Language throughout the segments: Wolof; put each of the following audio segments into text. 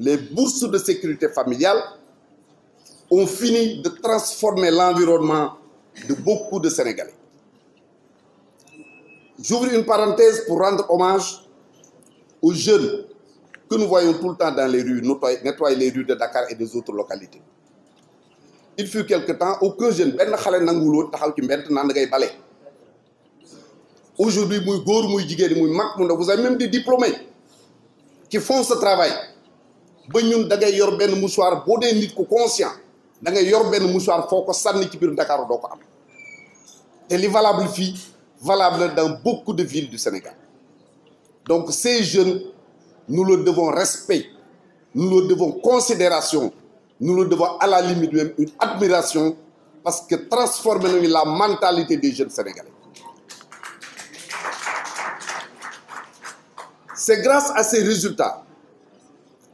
les bourses de sécurité familiale ont fini de transformer l'environnement de beaucoup de Sénégalais. J'ouvre une parenthèse pour rendre hommage aux jeunes que nous voyons tout le temps dans les rues, nettoyer les rues de Dakar et des autres localités. Il fut quelque temps, aucun jeune, benn xale nanguwul woon taxaw ci mbedd naan da ngay bale. Aujourd'hui muy góor muy jigéen muy mag mu ndaw vous avez même des diplômés qui font ce travail. ba ñun da ngay yor benn mouchoir boo dee nit ku conscient da ngay yor benn mouchoir foo ko sànni ci biir Dakar doo ko am te li valable fii valable na dans beaucoup de villes du Sénégal donc ces jeunes nous leur devons respect nous leur devons considération nous leur devons à la limite même une admiration parce que transformer nañu la mentalité des jeunes sénégalais c'est grâce à ces résultats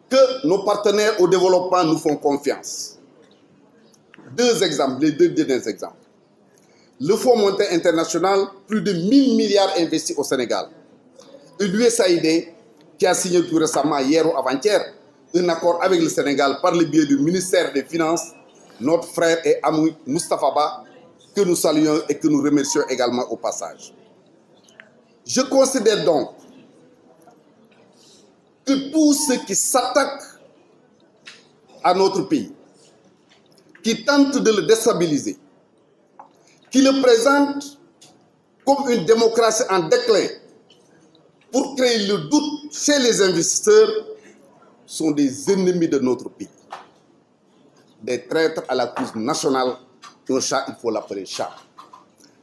que nos partenaires au développement nous font confiance. Deux exemples, les deux derniers exemples. Le Fonds monétaire international, plus de 1000 milliards investis au Sénégal. L'USAID, qui a signé tout récemment, hier ou avant-hier, un accord avec le Sénégal par le biais du ministère des Finances, notre frère et ami Moustapha Ba, que nous saluons et que nous remercions également au passage. Je considère donc que tous ceux qui s'attaquent à notre pays, qui tentent de le déstabiliser, qui le présentent comme une démocratie en déclin pour créer le doute chez les investisseurs, sont des ennemis de notre pays. Des traîtres à la cause nationale, un chat, il faut l'appeler chat.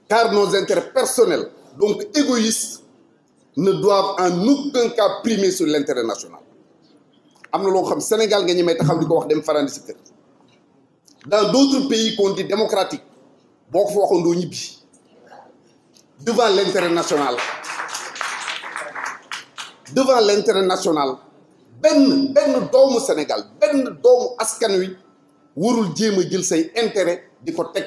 Car nos intérêts personnels, donc égoïstes, ne en aucun cas primer sur l'intérêt national am na loo xam Sénégal nga ñemee taxaw di ko wax dem farandi si kër dans d'autres pays qu'on dit démocratique boo ko fa waxoon doo ñibbi devant l'intérêt national devant l'intérêt national benn benn doomu Sénégal benn doomu askan wi warul jéem a jël say intérêt di ko teg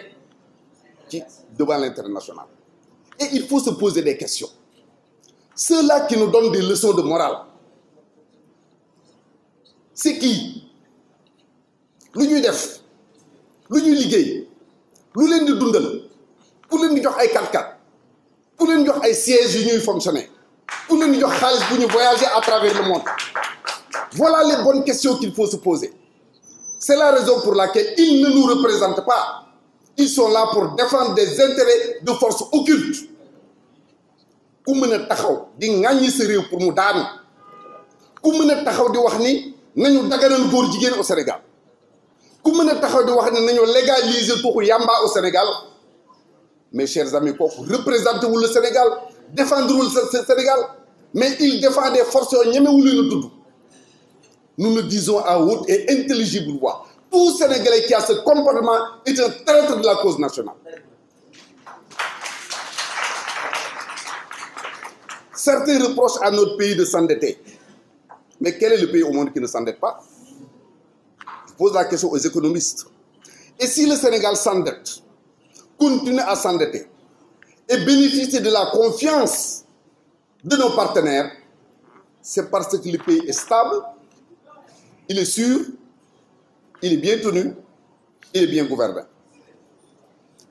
ci devant l'intérêt national et il faut se poser des questions Ceux-là qui nous donnent des leçons de morale c'est qui lu ñuy def lu ñuy liggéey lu leen di dundal pour leen di jox ay quatre-quatre pour leen jox ay sièges yu ñuy fonctionner pour leen di jox xaalis bu ñu voyager à travers le monde voilà les bonnes questions qu'il faut se poser c'est la raison pour laquelle ils ne nous représentent pas ils sont là pour défendre des intérêts de forces occultes ku mën a taxaw di ŋàññi sa réew pour mu daanu ku mën a taxaw di wax ni nañu daganal góor jigéen au Sénégal ku mën a taxaw di wax ni nañu légaliser ku yàmbaa au Sénégal mes chers amis kooku représenté wul le Sénégal défendre wul Sénégal mais il défend des forces yoo ñemewul ñu tudd nous le disons à haute et intelligible voix tout Sénégalais qui a ce comportement est un traître de la cause nationale Certains reprochent à notre pays de s'endetter. Mais quel est le pays au monde qui ne s'endette pas? Je pose la question aux économistes. Et si le Sénégal s'endette, continue à s'endetter et bénéficie de la confiance de nos partenaires, c'est parce que le pays est stable, il est sûr, il est bien tenu, il est bien gouverné.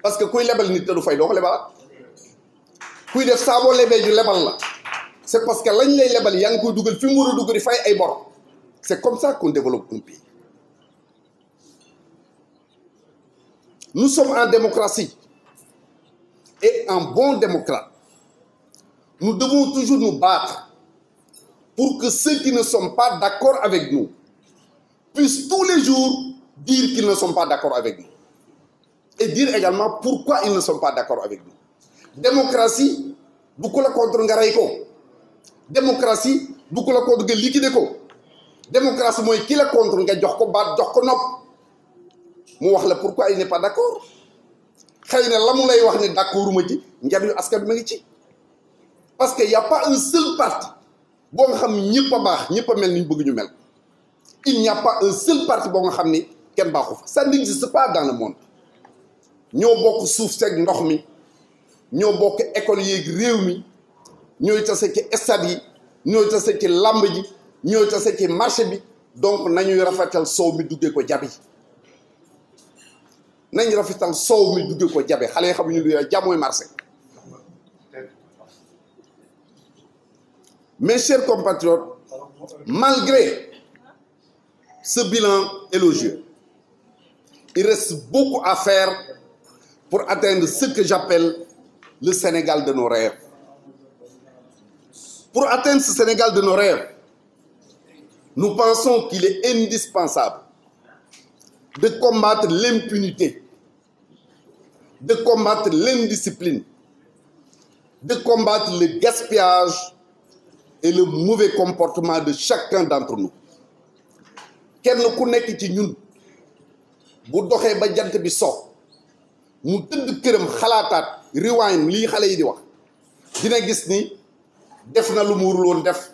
parce que kuy lebal nit te du fay doo ko lebalaat kuy def saa boo lebee ju lebal la c'est parce que lañ lay lebal yaa ngi koy dugal fi mu war a fay ay bor c'est comme ça qu'on développe un pays nous sommes en démocratie et en bon démocrate nous devons toujours nous battre pour que ceux qui ne sont pas d'accord avec nous puissent tous les jours dire qu'ils ne sont pas d'accord avec nous et dire également pourquoi ils ne sont pas d'accord avec nous démocratie du ko contre nga rey ko démocratie du ko la ko duggee liquider ko démocratie mooy ki la contre nga jox ko baat jox ko nopp mu wax la pourquoi il n'est pas d'accord xëy na la mu lay wax ne d'accorduma ci njariñu askan bi ma ngi ci parce que y a pas un seul parti boo nga xam ñëpp baax ñëpp a mel ni ñu bëgg ñu mel il n'y a pas un seul parti boo nga xam ni kenn baaxu fa ça n'existe pas dans le monde ñoo bokk suuf seeg ndox mi ñoo bokk école yéeg réew mi ñooy tase ci stade yi ñooy tase ci làmb ji ñooy tase ci marché bi donc nañuy rafetal soow mi duggee ko jabi nañ rafetal soow mi duggee ko jabe xale yi ñu lu yaay jàmmooy marché mes chers compatriotes malgré ce bilan élogieux il reste beaucoup à faire pour atteindre ce que j'appelle le Sénégal de nos rêves Pour atteindre ce Sénégal de nos rêves, nous pensons qu'il est indispensable de combattre l'impunité, de combattre l'indiscipline, de combattre le gaspillage et le mauvais comportement de chacun d'entre nous. kenn ku nekk ci ñun bu doxee ba jant bi so mu tëdd këram xalaataat riwaayam li xale yi di wax dina gis ni def na lu mu warul def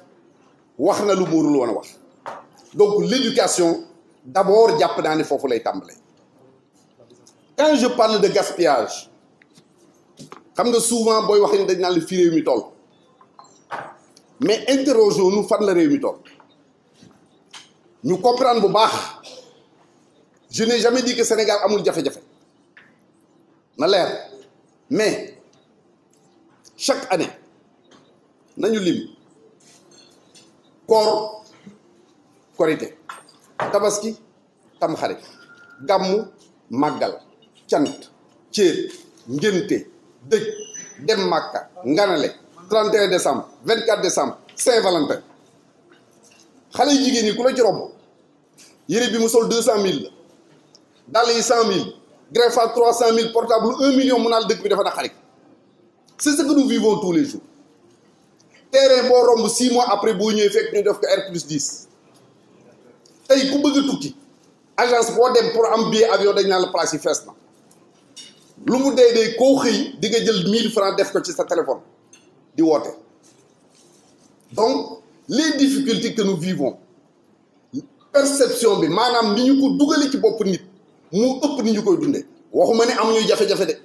wax na lu mu warul woon a wax donc l'éducation d'abord jàpp naa ne foofu lay tàmbale quand je parle de gaspillage xam nga souvent booy wax ni dañ naan la fi réew mi toll mais interrogeons fan la réew mi toll ñu comprendre bu baax je n'ai jamais dit Sénégal amul jafe-jafe na leer mais chaque année nañu lim koor korite tabaski tamxarit gàmmu màggal cant céet ngénte dëj dem màkka nganale 31 décembre 24 décembre Saint-Valentin xale yu jigéen ñi ku la ci romb yére bi mu sol deux cent mille la dàll yi cent mille greffage trois cent mille portable un million mu naal dëkk bi dafa na xarit c'est ce que nous tous les jours terrain boo romb six après boo ñëwee fekk ñu def ko R plus tey ku bëgg a tukki agence boo dem pour am billet avion dañ naan la place yi fees na lu mu dee dee koo xëy di nga jël mille francs def ko ci sa téléphone di woote donc les difficultés que nous vivons perception bi maanaam li ñu ko dugale ci bopp nit mu ëpp ni ñu koy dundee waxuma ne amuñu jafe-jafe de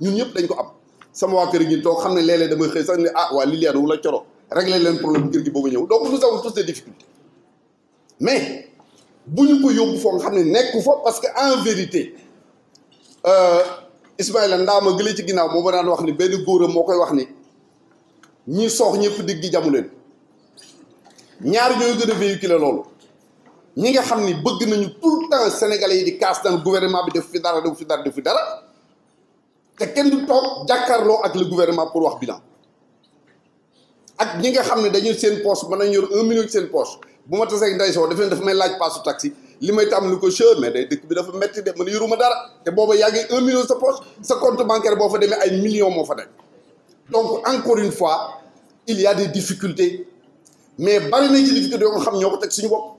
ñun ñëpp dañ ko am. sama waa kër gi toog xam ne léeg-léeg damay xëy sax ne ah waa Liliane wala Coro réglé leen problème kër gi boobu ñëw donc nous avons tous des difficultés mais bu ñu ko yóbbu foo nga xam ne nekku fa parce que en vérité euh, Ismaïla ma gëlee ci ginnaaw moo ma daan wax ni benn góoram moo koy wax ni ñi soox ñëpp digg gi leen ñaar ñooy gën a véhiculer loolu ñi nga xam ni bëgg nañu tout le temps sénégalais yi di kaas naan gouvernement bi def fi dara def fi dara def fi dara te kenn du toog jàkkaarloo ak le gouvernement pour wax bilan ak ñi nga xam ne dañu seen poche mën nañu yor un million seen poche bu ma tasee ak Ndeye Sow dafa ne dafa may laaj paasu taxi li may tàmm lu ko chër mais day dëkk bi dafa metti de man yoruma dara te booba yaa ngi million sa poche sa compte bancaire boo fa demee ay millions moo fa nekk donc encore une fois il y a des mais bari nañ ci difficulté yoo nga xam ñoo ko teg suñu bopp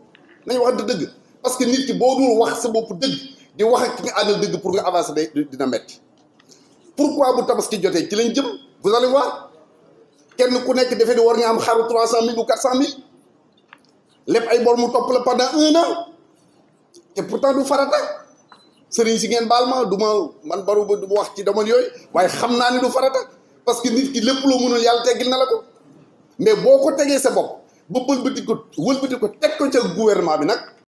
nañ waxante dëgg parce que nit ki boo dul wax sa bopp dëgg wax ak dëgg pour nga avancer dina metti pourquoi bu tabaski jotee ci lañ jëm vous allez voir kenn ku nekk defee di war nga am xaru trois cent mille ou quatre cent mille lépp ay bor mu topp la pendant un an te pourtant du farata sëriñ si ngeen baal ma du ma man baru ba du ma wax ci domaine yooyu waaye xam naa ni du farata parce que nit ki lépp loo mënul yàlla teggil na la ko mais boo ko tegee sa bopp ba wëlbati ko wëlbati ko teg ko ca gouvernement bi nag